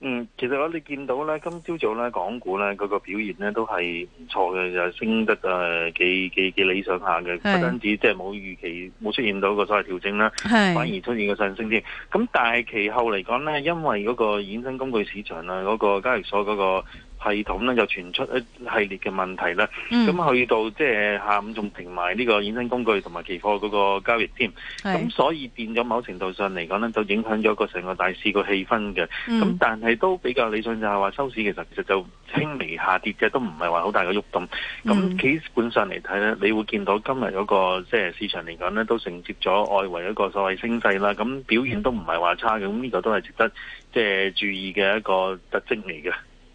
嗯，其實我哋見到咧，今朝早咧，港股咧嗰個表現咧都係唔錯嘅，就升得誒幾幾幾理想下嘅，是不單止即係冇預期冇出現到個所謂調整啦，是反而出現個上升添。咁但係其後嚟講咧，因為嗰個衍生工具市場啊，嗰個交易所嗰個。系統咧就傳出一系列嘅問題啦，咁、嗯、去到即係下午仲停埋呢個衍生工具同埋期貨嗰個交易添，咁是所以變咗某程度上嚟講呢，就影響咗個成個大市個氣氛嘅。咁、嗯、但係都比較理想，就係話收市其實其實就輕微下跌嘅，都唔係話好大嘅喐動。咁基、嗯、本上嚟睇呢，你會見到今日嗰個即係市場嚟講呢，都承接咗外圍一個所謂升勢啦。咁表現都唔係話差嘅，咁呢、嗯嗯、個都係值得即係注意嘅一個特徵嚟嘅。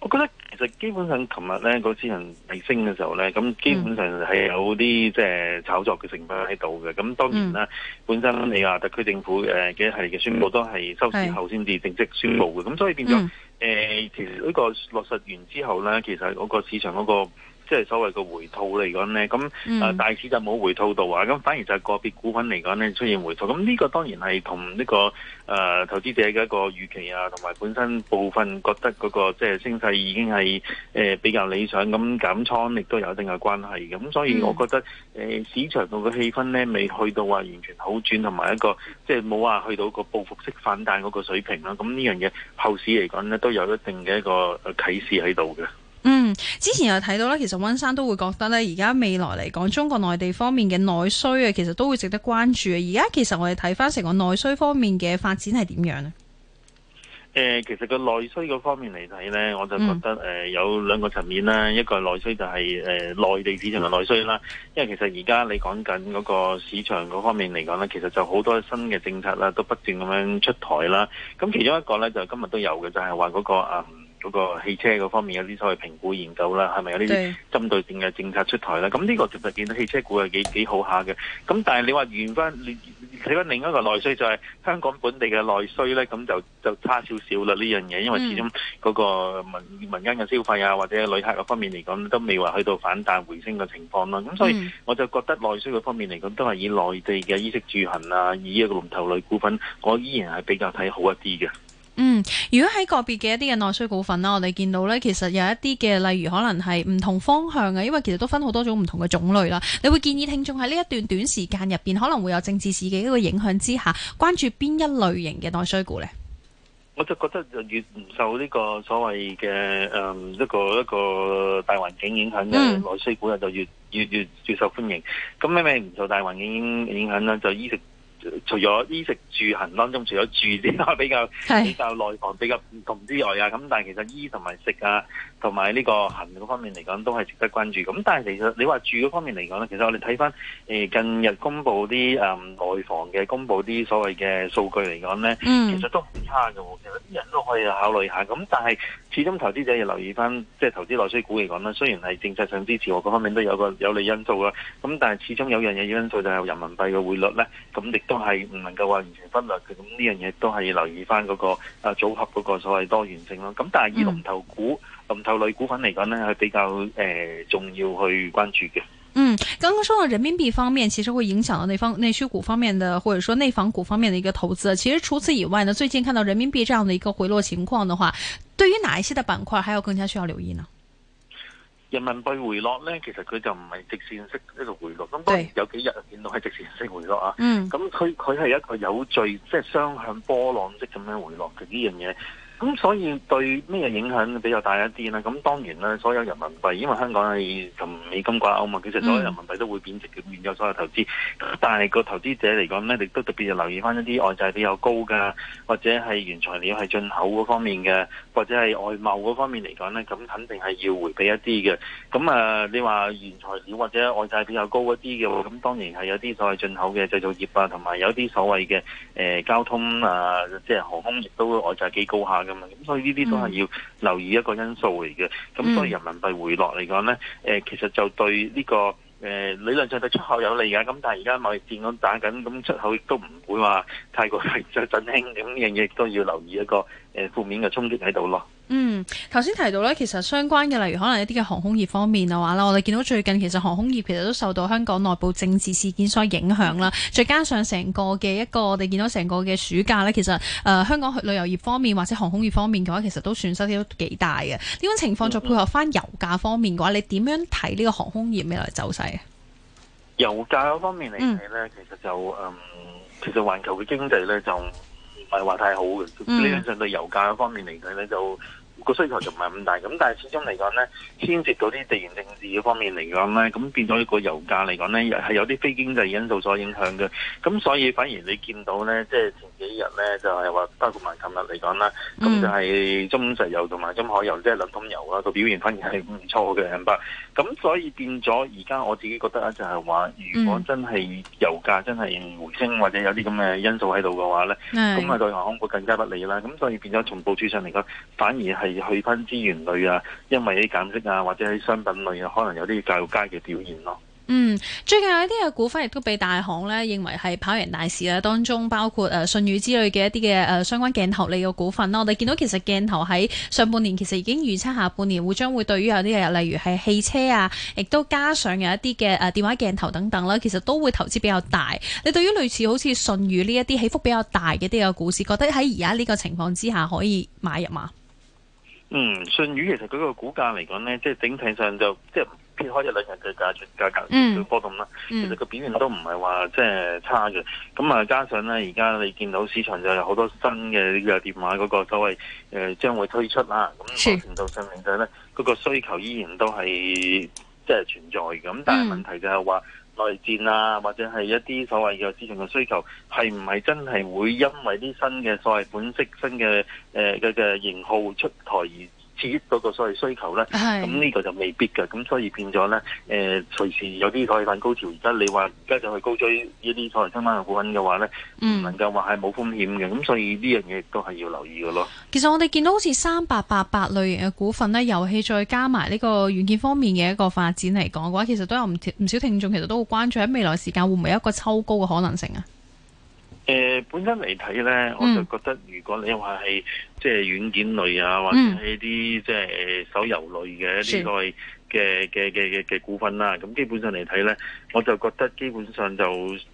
我覺得其實基本上呢，琴日咧個市場係升嘅時候咧，咁基本上係有啲即係炒作嘅成分喺度嘅。咁當然啦，嗯、本身你話特區政府誒嘅一系列嘅宣布都係收市後先至正式宣布嘅。咁的所以變咗誒、嗯呃，其實呢個落實完之後咧，其實嗰個市場嗰、嗰個。即係所謂個回吐嚟講咧，咁啊大市就冇回吐到啊，咁、mm. 反而就係個別股份嚟講咧出現回吐。咁呢個當然係同呢個誒、呃、投資者嘅一個預期啊，同埋本身部分覺得嗰、那個即係升勢已經係誒、呃、比較理想，咁減倉亦都有一定嘅關係。咁所以我覺得誒、mm. 呃、市場度嘅氣氛咧，未去到話完全好轉，同埋一個即係冇話去到個報復式反彈嗰個水平啦、啊。咁呢樣嘢後市嚟講咧，都有一定嘅一個啟示喺度嘅。嗯，之前又睇到咧，其實溫生都會覺得咧，而家未來嚟講，中國內地方面嘅內需啊，其實都會值得關注啊。而家其實我哋睇翻成個內需方面嘅發展係點樣呢？誒、呃，其實個內需個方面嚟睇咧，我就覺得誒、嗯呃、有兩個層面啦，一個係內需就係誒內地市場嘅內需啦。因為其實而家你講緊嗰個市場嗰方面嚟講咧，其實就好多新嘅政策啦，都不斷咁樣出台啦。咁其中一個咧就今日都有嘅，就係話嗰個誒。嗯嗰個汽車嗰方面有啲所謂評估研究啦，係咪有啲針對性嘅政策出台啦？咁呢對個就係見到汽車股係幾幾好下嘅。咁但係你話完翻你睇翻另一個內需就係香港本地嘅內需咧，咁就就差少少啦呢樣嘢，因為始終嗰個民、嗯、民間嘅消費啊，或者旅客嗰方面嚟講都未話去到反彈回升嘅情況啦。咁所以我就覺得內需嗰方面嚟講都係以內地嘅衣食住行啊，以一個龍頭類股份，我依然係比較睇好一啲嘅。嗯，如果喺個別嘅一啲嘅內需股份啦，我哋見到呢，其實有一啲嘅，例如可能係唔同方向嘅，因為其實都分好多種唔同嘅種類啦。你會建議聽眾喺呢一段短時間入邊，可能會有政治市嘅一個影響之下，關注邊一類型嘅內需股呢？我就覺得越唔受呢個所謂嘅一、呃這個一個大環境影響嘅、嗯、內需股就越越越，越受歡迎。咁咩咩唔受大環境影響呢？就衣食。除咗衣食住行當中，除咗住啲咧比較是比較內房，比較唔同之外啊，咁但係其實衣同埋食啊。同埋呢個行業方面嚟講，都係值得關注。咁但係其實你話住嗰方面嚟講咧，其實我哋睇翻誒近日公布啲誒、嗯嗯、內房嘅，公布啲所謂嘅數據嚟講咧，其實都唔差嘅。其實啲人都可以考慮下。咁但係始終投資者要留意翻，即係投資內需股嚟講咧，雖然係政策上支持我，我各方面都有個有利因素啦。咁但係始終有樣嘢要因素就係人民幣嘅匯率咧，咁亦都係唔能夠話完全忽略嘅。咁呢樣嘢都係要留意翻嗰個誒組合嗰個所謂多元性咯。咁但係以龍頭股。嗯龍頭類股份嚟講呢係比較誒重要去關注嘅。嗯，剛剛說到人民幣方面，其實會影響到內方內需股方面的，或者說內房股方面嘅一個投資。其實除此以外呢，最近看到人民幣這樣的一個回落情況的話，對於哪一些的板塊，還有更加需要留意呢？人民幣回落呢，其實佢就唔係直線式一個回落咁，有幾日見到係直線式回落啊。對。嗯。咁佢佢係一個有序，即係雙向波浪式咁樣回落嘅呢樣嘢。咁所以對咩嘢影響比較大一啲呢？咁當然啦，所有人民幣，因為香港係同美金掛鈎嘛，其實所有人民幣都會貶值嘅，變咗所有投資。但係個投資者嚟講呢，亦都特別留意翻一啲外債比較高嘅，或者係原材料係進口嗰方面嘅，或者係外貿嗰方面嚟講呢，咁肯定係要回避一啲嘅。咁啊，你話原材料或者外債比較高一啲嘅，咁當然係有啲所謂進口嘅製造業啊，同埋有啲所謂嘅誒、呃、交通啊、呃，即係航空亦都外債幾高下。咁，嗯、所以呢啲都係要留意一個因素嚟嘅。咁所以人民幣回落嚟講咧，誒其實就對呢、呢個誒、呃、理論上對出口有利嘅。咁但係而家貿易戰我打緊，咁出口亦都唔會話太過振興。咁樣亦都要留意一個誒、呃、負面嘅衝擊喺度咯。嗯，頭先提到咧，其實相關嘅例如可能一啲嘅航空業方面嘅話咧，我哋見到最近其實航空業其實都受到香港內部政治事件所影響啦，再加上成個嘅一個我哋見到成個嘅暑假咧，其實誒、呃、香港旅遊業方面或者航空業方面嘅話，其實都損失都幾大嘅呢種情況，再配合翻油價方面嘅話，你點樣睇呢個航空業未來走勢啊？油價嗰方面嚟睇呢、嗯其嗯，其實就誒，其實環球嘅經濟呢，就唔係話太好嘅，呢樣相對油價嗰方面嚟睇呢，就。個需求就唔係咁大，咁但係始終嚟講呢，牽涉到啲地緣政治嘅方面嚟講呢，咁變咗個油價嚟講呢，係有啲非經濟因素所影響嘅。咁所以反而你見到呢，即係前幾日呢，就係話包括埋琴日嚟講啦，咁就係中石油同埋中海油即係兩桶油啊，個表現反而係唔錯嘅，係唔錯。咁所以變咗而家我自己覺得咧，就係話如果真係油價真係回升或者有啲咁嘅因素喺度嘅話呢，咁啊的對銀行會更加不利啦。咁所以變咗從部署上嚟講，反而係。係去翻資源類啊，因為啲減息啊，或者啲商品類啊，可能有啲教育街嘅表現咯。嗯，最近有啲嘅股份亦都被大行咧認為係跑贏大市啊。當中包括誒舜宇之類嘅一啲嘅誒相關鏡頭類嘅股份啦。我哋見到其實鏡頭喺上半年其實已經預測下半年會將會對於有啲嘅，例如係汽車啊，亦都加上有一啲嘅誒電話鏡頭等等啦。其實都會投資比較大。你對於類似好似舜宇呢一啲起伏比較大嘅啲嘅股市，覺得喺而家呢個情況之下可以買入嘛？嗯，信宇其實佢個股價嚟講咧，即係整體上就即係、就是、撇開一兩日嘅價價格小波動啦，嗯、其實個表現都唔係話即係差嘅。咁啊，加上咧而家你見到市場就有好多新嘅嘅電話嗰、那個所謂誒將會推出啦，咁某程度上面上咧，嗰、那個需求依然都係即係存在嘅。咁但係問題就係話。嗯內需啊，或者係一啲所謂嘅市場嘅需求，係唔係真係會因為啲新嘅所謂款式、新嘅誒嘅嘅型號出台而？至於嗰個所謂需求咧，咁呢個就未必噶。咁所以變咗咧，誒、呃，隨時有啲可以反高潮。而家你話而家就去高追呢啲創新科技股份嘅話咧，唔、嗯、能夠話係冇風險嘅。咁所以呢樣嘢都係要留意嘅咯。其實我哋見到好似三百八八類型嘅股份咧，遊戲再加埋呢個軟件方面嘅一個發展嚟講嘅話，其實都有唔唔少聽眾其實都好關注喺未來時間會唔會有一個抽高嘅可能性啊？誒、呃、本身嚟睇咧，嗯、我就覺得如果你話係即係軟件類啊，嗯、或者係啲即係手遊類嘅呢個係。嘅嘅嘅嘅嘅股份啦，咁基本上嚟睇咧，我就覺得基本上就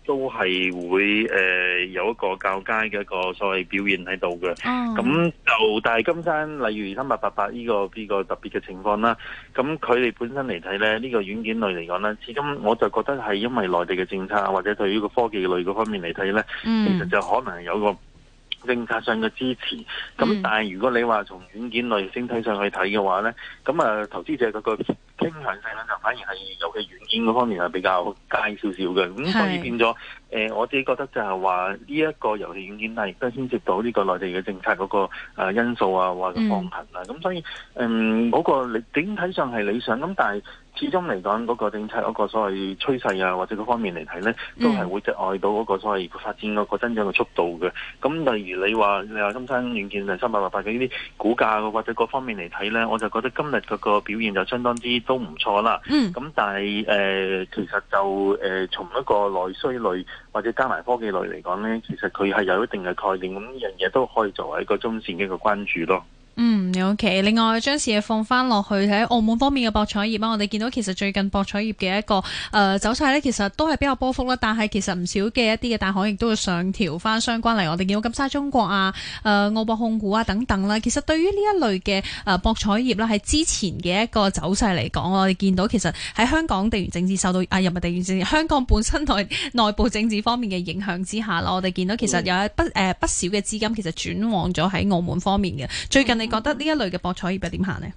都係會誒、呃、有一個較佳嘅一個所謂表現喺度嘅。咁、哎、呀就但係金山例如三八八八呢個呢個特別嘅情況啦，咁佢哋本身嚟睇咧，呢、呢個軟件類嚟講咧，始終我就覺得係因為內地嘅政策或者對於個科技類嗰方面嚟睇咧，嗯、其實就可能係有一個政策上嘅支持。咁但係如果你話從軟件類整體上去睇嘅話咧，咁啊投資者嗰、嗰個傾向性咧就反而係遊戲軟件嗰方面係比較介少少嘅，咁、嗯、所以變咗，誒、呃，我自己覺得就係話呢一個遊戲軟件係亦都牽涉到呢個內地嘅政策嗰、那個誒、呃、因素啊，或者放行啊，咁、嗯、所以誒，嗰、呃那個你整體上係理想，咁但係，始終嚟講，嗰、那個政策嗰個所謂趨勢啊，或者嗰方面嚟睇咧，都係會擠壓到嗰個所謂發展嗰個增長嘅速度嘅。咁例如你話，你話金山軟件、第三八八八嘅呢啲股價、啊、或者各方面嚟睇咧，我就覺得今日嗰個表現就相當之都唔錯啦。咁、嗯、但係誒、呃，其實就誒、呃、從一個內需類或者加埋科技類嚟講咧，其實佢係有一定嘅概念，咁呢樣嘢都可以作為一個中線嘅一個關注咯。嗯，OK。另外將視野放翻落去喺澳門方面嘅博彩業啦。我哋見到其實最近博彩業嘅一個誒、呃、走勢呢，其實都係比較波幅啦。但係其實唔少嘅一啲嘅大行亦都會上調翻相關嚟。我哋見到金沙中國啊、誒、呃、澳博控股啊等等啦。其實對於呢一類嘅誒博彩業啦，喺之前嘅一個走勢嚟講，我哋見到其實喺香港地緣政治受到啊，又唔係地緣政治、香港本身內內部政治方面嘅影響之下咯，我哋見到其實有不誒、嗯呃、不少嘅資金其實轉往咗喺澳門方面嘅最近、嗯。你覺得呢一類嘅博彩業係點行咧？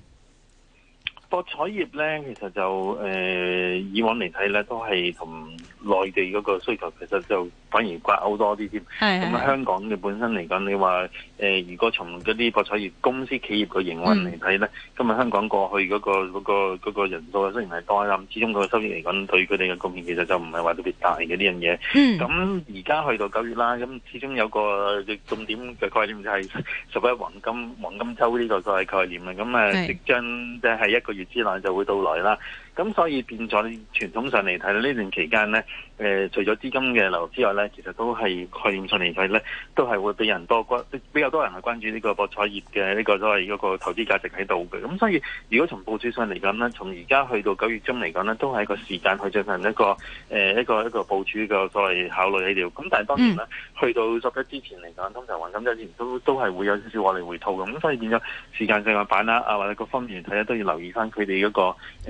博彩業咧，其實就誒、呃、以往嚟睇咧，都係同內地嗰個需求，其實就反而掛鈎多啲添。咁啊，香港嘅本身嚟講，你話誒、呃，如果從嗰啲博彩業公司企業嘅營運嚟睇咧，嗯、今日香港過去嗰個嗰個嗰個人數雖然係多，咁始終個收益嚟講，對佢哋嘅貢獻其實就唔係話特別大嘅呢樣嘢。咁而家去到九月啦，咁始終有個重點嘅概念就係十一黃金黃金周呢個所謂概念啦。咁啊，即將即係一個。月之內就會到來啦。咁所以變咗咧，傳統上嚟睇呢段期間呢，誒、呃、除咗資金嘅流入之外呢，其實都係概念上嚟睇呢，都係會俾人多關，比較多人去關注呢個博彩業嘅呢、這個所謂嗰個投資價值喺度嘅。咁所以，如果從佈置上嚟講呢，從而家去到九月中嚟講呢，都係一個時間去進行一個誒、呃、一個一個佈置嘅所謂考慮喺度。咁但係當然啦，嗯、去到十一之前嚟講，通常黃金周前都都係會有少少我哋回吐。咁所以變咗時間性嘅板啦，啊或者各方面睇咧，都要留意翻佢哋嗰個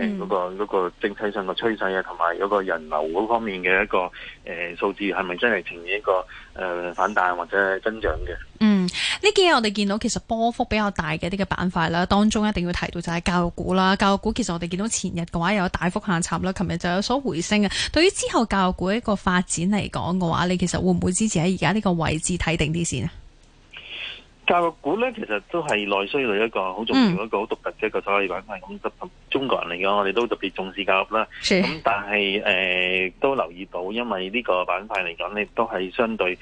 嗰個。呃嗯嗯嗰個整體上嘅趨勢啊，同埋有個人流嗰方面嘅一個誒數、呃、字，係咪真係呈現一個誒、呃、反彈或者增長嘅？嗯，呢幾日我哋見到其實波幅比較大嘅呢個板塊啦，當中一定要提到就係教育股啦。教育股其實我哋見到前日嘅話又有大幅下插啦，琴日就有所回升啊。對於之後教育股一個發展嚟講嘅話，你其實會唔會支持喺而家呢個位置睇定啲先啊？教育股咧，其實都係內需類一個好重要一個好、嗯、獨特嘅一個所謂板塊。咁特別中國人嚟講，我哋都特別重視教育啦。咁是但係誒、呃、都留意到，因為呢個板塊嚟講，你都係相對誒、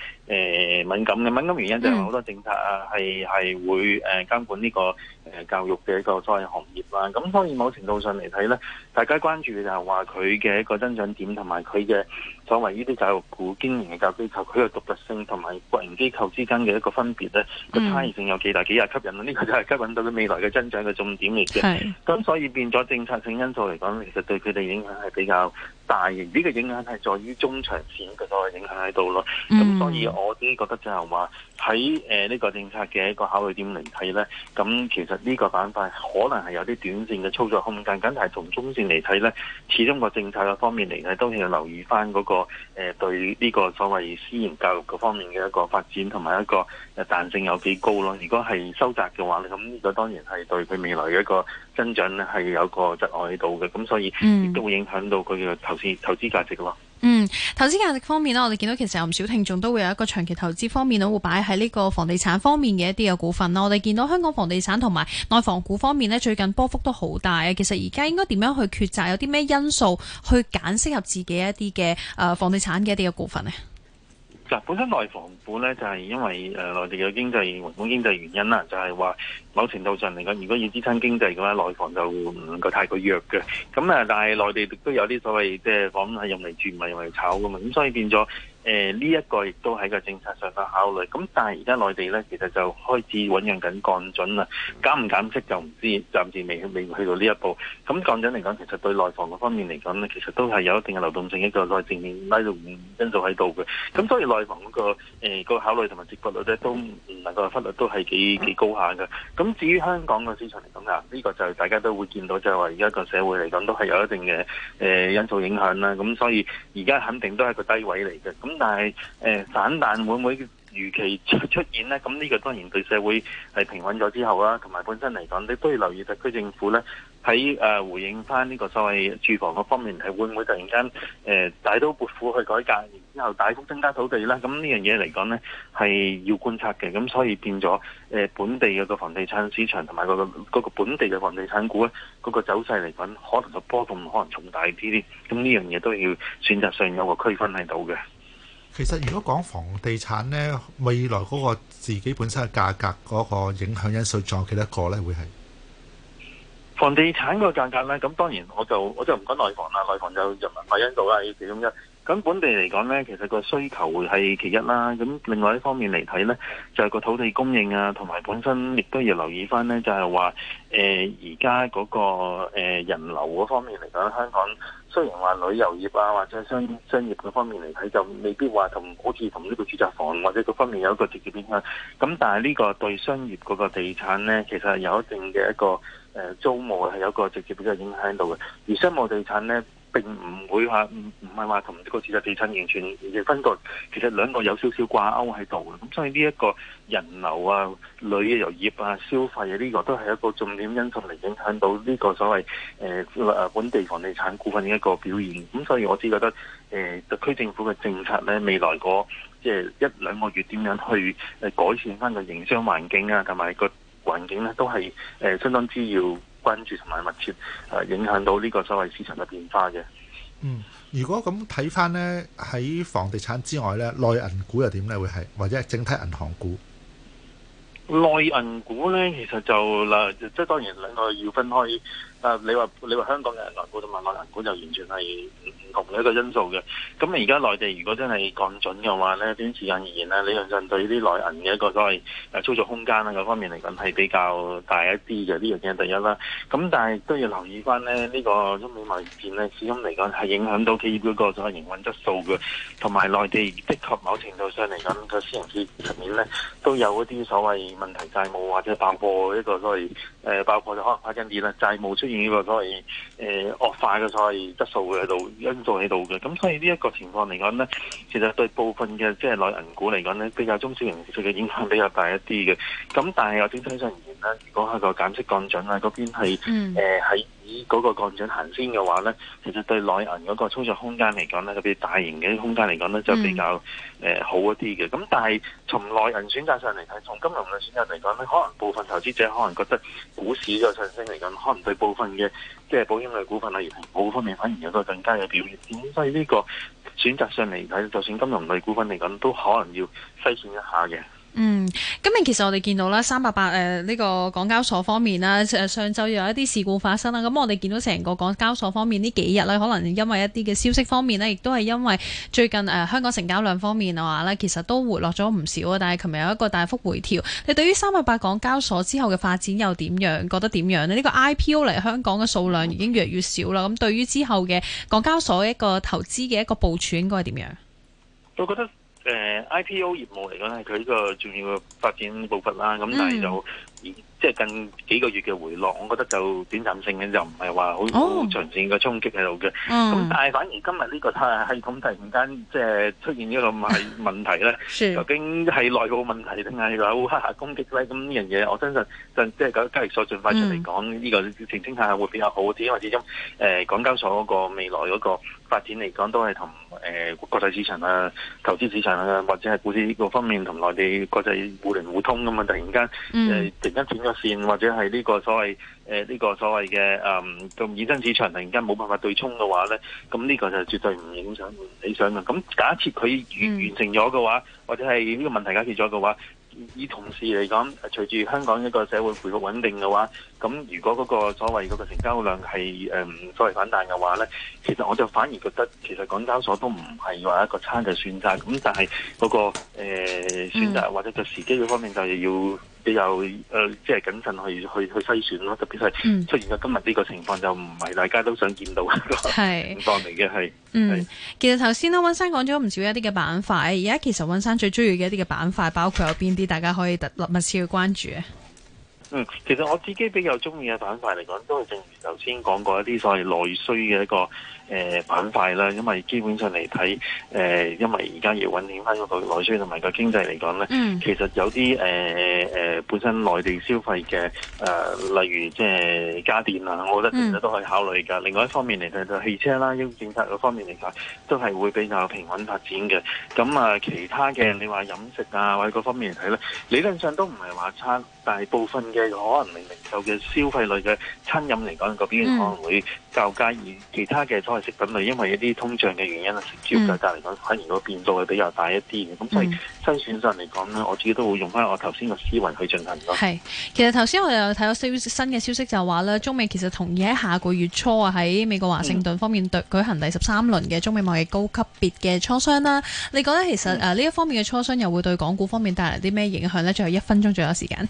呃、敏感嘅。敏感原因就係好多政策啊，係係、嗯、會誒監管呢個誒教育嘅一個所謂行業啦。咁當然某程度上嚟睇咧，大家關注嘅就係話佢嘅一個增長點同埋佢嘅所謂呢啲教育股經營嘅教育機構，佢嘅獨特性同埋。機構之間嘅一個分別咧，個差異性有幾大，嗯、幾啊、這個、吸引啊？呢個就係吸引到佢未來嘅增長嘅重點嚟嘅。咁是所以變咗政策性因素嚟講，其實對佢哋影響係比較大型，呢、這個影響係在於中長線嘅個影響喺度咯。咁所以我都覺得就係話。喺誒呢個政策嘅一個考慮點嚟睇咧，咁其實呢個板塊可能係有啲短線嘅操作空間，梗係從中線嚟睇咧，始終個政策嘅方面嚟睇，都係要留意翻、那、嗰個誒、呃、對呢個所謂私營教育嗰方面嘅一個發展同埋一個誒彈性有幾高咯。如果係收窄嘅話咧，咁就當然係對佢未來嘅一個增長咧係有個窒礙喺度嘅。咁所以亦都會影響到佢嘅投資投資價值嘅。嗯，投資價值方面咧，我哋見到其實有唔少聽眾都會有一個長期投資方面咧，會擺喺呢個房地產方面嘅一啲嘅股份啦。我哋見到香港房地產同埋內房股方面咧，最近波幅都好大啊。其實而家應該點樣去抉擇，有啲咩因素去揀適合自己一啲嘅誒房地產嘅一啲嘅股份呢？嗱，本身內房股咧就係、是、因為誒、呃、內地嘅經濟、宏觀經濟原因啦、啊，就係、是、話某程度上嚟講，如果要支撐經濟嘅話，內房就唔能夠太過弱嘅。咁、嗯、啊，但係內地亦都有啲所謂即係、就是、房係用嚟住唔係用嚟炒㗎嘛，咁所以變咗。誒呢、呃、一個亦都喺個政策上嘅考慮，咁但係而家內地咧，其實就開始運用緊降準啦，減唔減息就唔知，暫時未未去到呢一步。咁降準嚟講，其實對內房嗰方面嚟講咧，其實都係有一定嘅流動性一個內正面拉動因素喺度嘅。咁所以內房嗰、呃、個誒考慮同埋接觸率咧，都唔能夠忽略，都係幾幾高下㗎。咁、嗯、至於香港嘅市場嚟講啊，呢、這個就大家都會見到，就係話而家個社會嚟講都係有一定嘅誒、呃、因素影響啦。咁所以而家肯定都係個低位嚟嘅。咁但係誒反彈會唔會如期出出現咧？咁呢個當然對社會係平穩咗之後啦，同埋本身嚟講，你都要留意特區政府咧喺誒回應返呢個所謂住房個方面係會唔會突然間誒大刀闊斧去改革，然之後大幅增加土地啦。咁呢樣嘢嚟講呢係要觀察嘅。咁所以變咗誒本地嘅個房地產市場同埋、嗰個、嗰個本地嘅房地產股咧，嗰、嗰個走勢嚟講，可能個波動可能重大啲啲。咁呢樣嘢都要選擇上有個區分喺度嘅。其實如果講房地產呢，未來嗰個自己本身嘅價格嗰個影響因素仲有幾多個呢？會係房地產個價格呢？咁當然我就我就唔講內房啦，內房就人民幣因素啦，要其中一。咁本地嚟講呢，其實個需求會係其一啦。咁另外一方面嚟睇呢，就係個土地供應啊，同埋本身亦都要留意翻呢，就係話誒而家嗰個、呃、人流嗰方面嚟講，香港雖然話旅遊業啊，或者商商業嗰方面嚟睇，就未必話同好似同呢個住宅房或者各方面有一個直接影響。咁但係呢個對商業嗰個地產呢，其實有一定嘅一個誒租務係有一個直接比較影響到嘅。而商務地產呢。並唔會話唔唔係話同呢個事實地產，完全亦分割。其實兩個有少少掛鈎喺度，咁所以呢一個人流啊、旅遊業啊、消費啊呢、呢個都係一個重點因素嚟影響到呢個所謂誒、呃、本地房地產股份嘅一個表現。咁所以我只覺得誒特、呃、區政府嘅政策咧，未來個即係一兩個月點樣去誒改善翻個營商環境啊，同埋個環境咧都係誒、呃、相當之要。關注同埋密切，誒影響到呢個所謂市場嘅變化嘅。嗯，如果咁睇翻呢，喺房地產之外呢，內銀股又點呢？會係或者係整體銀行股？內銀股呢，其實就嗱，即係當然兩個要分開。你話你話香港嘅銀股同埋內銀股就完全係唔同嘅一個因素嘅。咁而家內地如果真係降準嘅話呢，短時間而言咧，理論上對呢啲內銀嘅一個所謂操作空間啊、各方面嚟講係比較大一啲嘅。呢樣嘢第一啦。咁但係都要留意翻咧，呢、呢個中美貿易戰呢，始終嚟講係影響到企業嗰個所謂營運質素嘅。同埋內地的確某程度上嚟講，個私人企業面呢，都有一啲所謂問題債務或者爆破一個所謂誒爆破就可能快啲啦，債務出現。呢個所謂誒惡化嘅所謂質素會喺度因素喺度嘅，咁所以呢一個情況嚟講咧，其實對部分嘅即係內銀股嚟講咧，比較中小型嘅影響比較大一啲嘅。咁但係阿張生。如果係個減息降準啦，嗰邊係誒喺以嗰個降準行先嘅話咧，其實對內銀嗰個操作空間嚟講咧，特別大型嘅空間嚟講咧，就比較誒、嗯呃、好一啲嘅。咁但係從內銀選擇上嚟睇，從金融嘅選擇嚟講咧，可能部分投資者可能覺得股市嘅上升嚟講，可能對部分嘅即係保險類股份例如平保方面，反而有個更加嘅表現。咁所以呢個選擇上嚟睇，就算金融類股份嚟講，都可能要篩選一下嘅。嗯，今日其實我哋見到啦，三八八誒呢個港交所方面啦，上晝又有一啲事故發生啦。咁我哋見到成個港交所方面呢幾日呢，可能因為一啲嘅消息方面呢，亦都係因為最近誒、呃、香港成交量方面嘅話呢，其實都回落咗唔少。啊。但係琴日有一個大幅回調。你對於三八八港交所之後嘅發展又點樣？覺得點樣呢？呢、這個 IPO 嚟香港嘅數量已經越嚟越少啦。咁對於之後嘅港交所一個投資嘅一個部署，應該係點樣？我覺得。誒、uh, IPO 業務嚟講咧，佢呢個重要嘅發展步伐啦。咁但係就即係、嗯、近幾個月嘅回落，我覺得就短暫性嘅，就唔係話好長線嘅衝擊喺、嗯、度嘅。咁但係反而今日呢個係系統突然間即係出現呢個問問題咧，啊、究竟係內部問題定係有黑客攻擊咧？咁呢樣嘢我相信，即係今交易所盡快出嚟講，呢、嗯、個澄清下會比較好啲，因為始終誒港、呃、交所嗰個未來嗰、那個。發展嚟講都係同誒國際市場啊、投資市場啊，或者係股市呢個方面同內地國際互聯互通咁啊！突然間誒、呃，突然間轉咗線，或者係呢個所謂誒呢、呃呢個所謂嘅誒咁衍生市場突然間冇辦法對沖嘅話咧，咁呢個就絕對唔影響理想嘅。咁假設佢完、嗯、完成咗嘅話，或者係呢個問題解決咗嘅話。以同時嚟講，隨住香港一個社會回復穩定嘅話，咁如果嗰個所謂嗰個成交量係唔、呃、所謂反彈嘅話呢，其實我就反而覺得，其實港交所都唔係話一個差嘅選擇，咁但係嗰、那個誒、呃、選擇或者個時機嗰方面就要。你又誒，呃，即係謹慎去去去篩選咯，特別係出現咗今日呢個情況，嗯，就唔係大家都想見到嘅是情況嚟嘅，係嗯。是其實頭先咧，溫生講咗唔少一啲嘅板塊，而家其實溫生最中意嘅一啲嘅板塊包括有邊啲？大家可以特密切去關注啊。嗯，其實我自己比較中意嘅板塊嚟講，都係正如頭先講過一啲所謂內需嘅一個誒板塊啦。因為基本上嚟睇誒，因為而家要穩定翻個內需同埋個經濟嚟講咧，嗯、其實有啲誒誒本身內地消費嘅誒，例如即係家電啊，我覺得其實都可以考慮㗎。嗯、另外一方面嚟睇就汽車啦，因為政策嗰方面嚟講都係會比較平穩發展嘅。咁啊，其他嘅你話飲食啊，或者各方面嚟睇咧，理論上都唔係話差。大部分嘅可能，零零售嘅消費類嘅餐飲嚟講，嗰邊、嗯、可能會較介意其他嘅菜食品類，因為一啲通脹嘅原因啊，食焦嘅價嚟講，反而個變數會比較大一啲嘅。咁所以新選上嚟講咧，我自己都會用翻我頭先嘅思維去進行咯。係其實頭先我有睇到新嘅消息，就話咧，中美其實同意喺下個月初啊，喺美國華盛頓方面舉行第十三輪嘅中美貿易高級別嘅磋商啦。你覺得其實呢一方面嘅磋商又會對港股方面帶嚟啲咩影響呢？最後一分鐘左右時間。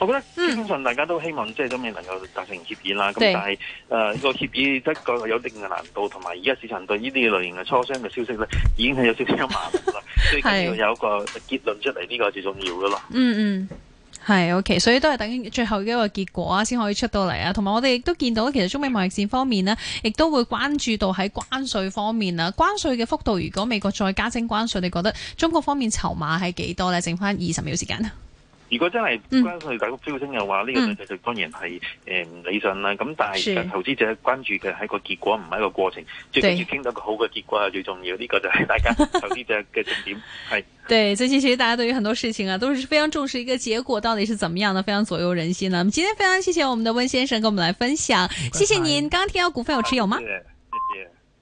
我覺得相信大家都希望即係今年能夠達成協議啦。咁、嗯、但係誒個協議的確有一定嘅難度，同埋而家市場對呢啲類型嘅磋商嘅消息咧，已經係有少少麻煩啦。最緊要有一個結論出嚟，呢、這個最重要噶咯、嗯。嗯嗯，係 OK，所以都係等最後嘅一個結果啊，先可以出到嚟啊。同埋我哋亦都見到其實中美貿易戰方面呢、啊，亦都會關注到喺關稅方面啊，關稅嘅幅度，如果美國再加徵關稅，你覺得中國方面籌碼係幾多咧？剩翻二十秒時間如果真係關於佢解股飆升嘅話，呢、嗯、個走勢就當然係誒唔理想啦。咁但係是其實投資者關注嘅係個結果，唔係一個過程，最緊要傾到一個好嘅結果係最重要。呢、這個就係大家投資者嘅重點。係 是對，最近其實大家對於很多事情啊，都是非常重視一個結果到底是怎麼樣呢？非常左右人心啦，啊。咁今天非常謝謝我們的溫先生跟我們來分享，謝謝您。剛剛提到股份有持有嗎？